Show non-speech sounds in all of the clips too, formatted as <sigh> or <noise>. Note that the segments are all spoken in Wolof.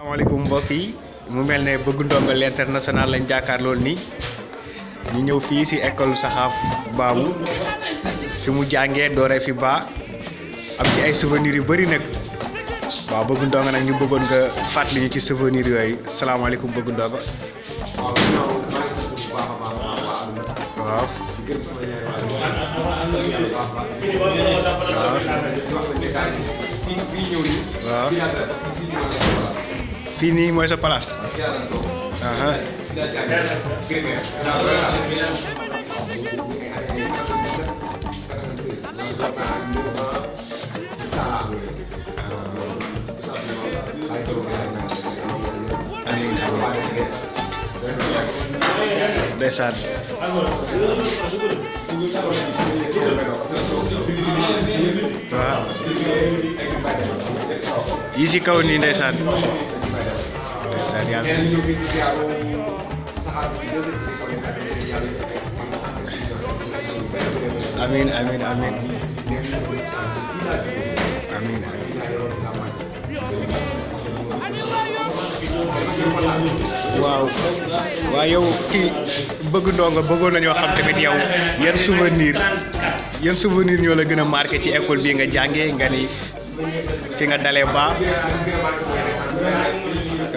assalamualaikum mbokk yi mu mel ne bëgg ndombal international lañ jàkkaar lool ni ñu ñëw fii si école saxaaf baamu fi mu jàngee dooree fi baa am ci ay souvenir yu bari nag waaw bëgg ndong nag ñu bëggoon nga fàttali ñu ci souvenir yooyu salaamaaleykum bëgg ndongo waaw waaw finimo ese palastro. Ajá. Besar. Isi kau nih Desan. Italiano. È meglio che siamo Amin, amin, amin. Amin, amin. waaw waaw yow ki bëgg ndongo bëggoon nañoo xam tamit yow yan souvenir yan souvenir ñoo la gën a marqué ci école bi nga jàngee nga ni fi nga dalee baax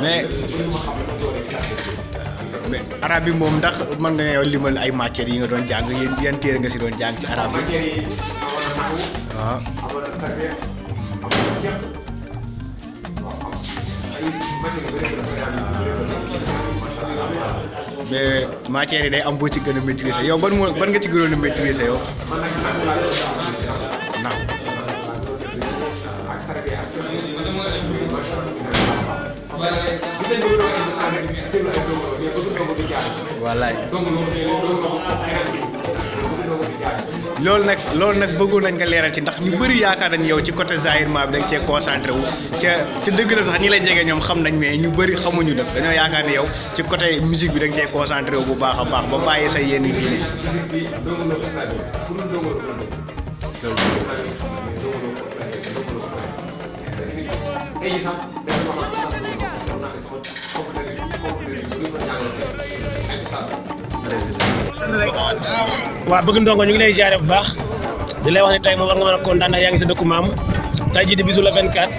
mais mais arabe bi moom ndax mën nga yow limal ay matière yi nga doon jàng yéen yan téere nga si doon jàng ci arabe mais matière yi day am boo ci gën a maîtriser yow ban ban nga ci gënoon a maîtriser yow wallaay loolu nag loolu nag bëggoon nañ nga leeral ci ndax ñu bëri yaakaar nañ yow ci côté zaïrement bi da nga cee concentré wu ca dëgg la sax ñi la jege ñoom xam nañ mais ñu bëri xamuñu def dañoo yaakaar ne yow ci côté musique bi da nga cee concentré bu baax a baax ba bàyyi sa yenn diine loolu waaw bëgg ndongo ñu ngi lay ziare bu baax di lay wax ni tey moom war nga mën a kontaan yaa ngi sa dëkku maam tey jii di bisu la 24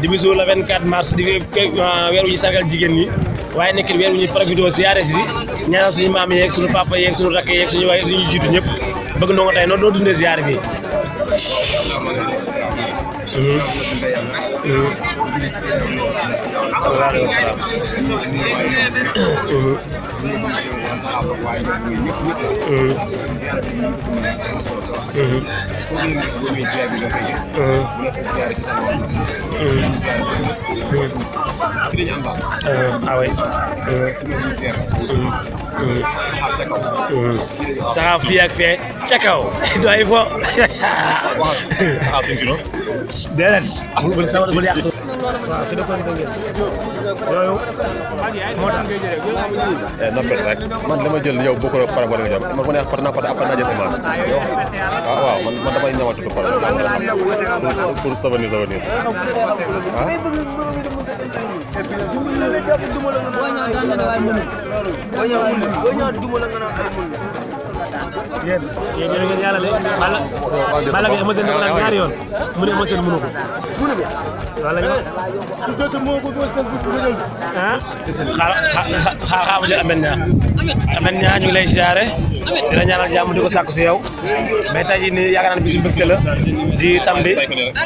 di bisu la 24 mars di weeru euh, ñu sargal jigéen ñi waaye nekk weer wu ñu profité ziare si ñaanal suñu maam yeeg suñu papa yeeg suñu rakk yeeg suñu waay suñu jiitu ñëpp bëgg ndongo tey noonu doo dundee ziare bi sallallahu alayhi <laughs> ah oui bien. fii ak tu vois Ça va waaw téléphone da ngeen rek man dama jël yow bokkul ak par rapport ak yow man bu neex par naa ko après naa jël waaw man man damay ñëwaat tudd par pour pour souvenir souvenir ah? yéen yéen yéen ngeen yàlla de Balla Balla Gaye Eumeu Sène dafa daan ñaari yoon mu ne Eumeu Sène mënu ko. mënu ko wala ñu. dëkk moo ko doon seen bu dëgël. ah xaaral ma jël Ameth Niang. Ameth Niang ñu ngi lay siyaare di la ñaanal jàmm di ko sàkku si yow mais tey jii nii yaakaar naa ne bisu mbégte la di samedi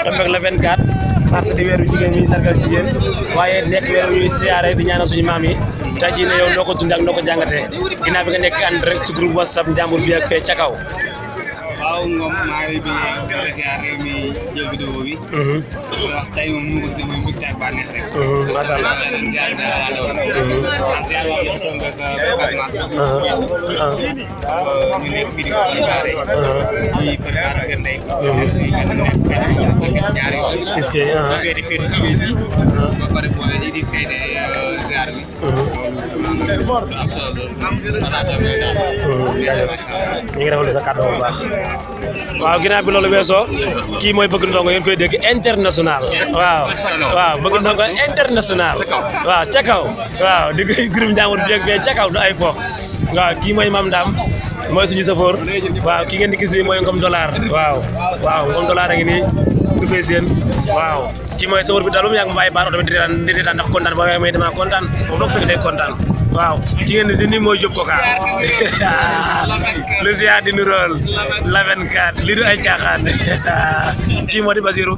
tombé le 24. mars di weeru jigéen ñuy sargal jigéen waaye nekk weeru ñuy siyaare di ñaanal suñu maam yi tey jii ne yow noo ko dund ak noo ko jàngatee ginnaaw bi nga nekk ànd rek su groupe whatsapp njàmbur bi ak fee ca kaw aw ngom maari bi prési mi jëg do bi wax tay mu mu ko muy mukk ak rek hmm ma sha Allah len jaar na la do ante ala mo to nga ka ak ma ñu nek fi di ko préparé yi préparé ke ndey yi ka nek ko ke ñaari est ce que ah di fi kan mhm. di ko préparé bo di fi di jaar bi ñu ngi rafetlu sa kàddu bu baax. waaw ginnaaw bi loolu weesoo kii mooy bëgg ndongo yéen koy dégg international. waaw waaw bëgg ndongo international. waaw ca kaw waaw di koy groupe Ndiambour bi fee ca kaw du ay fo waaw kii mooy Mame Dame mooy suñu safoor waaw ki ngeen di gis nii mooy Ngom Dollar waaw Ngom Dollar a ngi nii. ñu koy seen waaw ci mooy sawar bi daal ba mu yàgg mu bàyyi baar oto bi di reetaan di reetaan ndax kontaan ba kontaan moom nag fekk day kontaan waaw jigéen si nii mooy Diop Koka lu <laughs> ziar di nuróol la 24 lii du ay caaxaan <laughs> moo di Basiru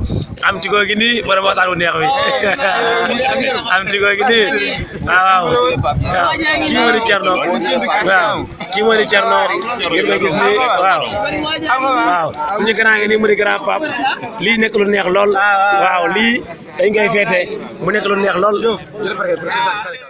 am ci googi nii borom waxtaan bu neex wi oh, am ci waaw waaw moo di Cerno waaw kii moo di Cerno ngeen koy gis nii waaw waaw suñu ngi nii mu di grand pape lii nekk lu neex lool ah, ah, ah. waaw li dañ koy feete mu nekk lu neex lool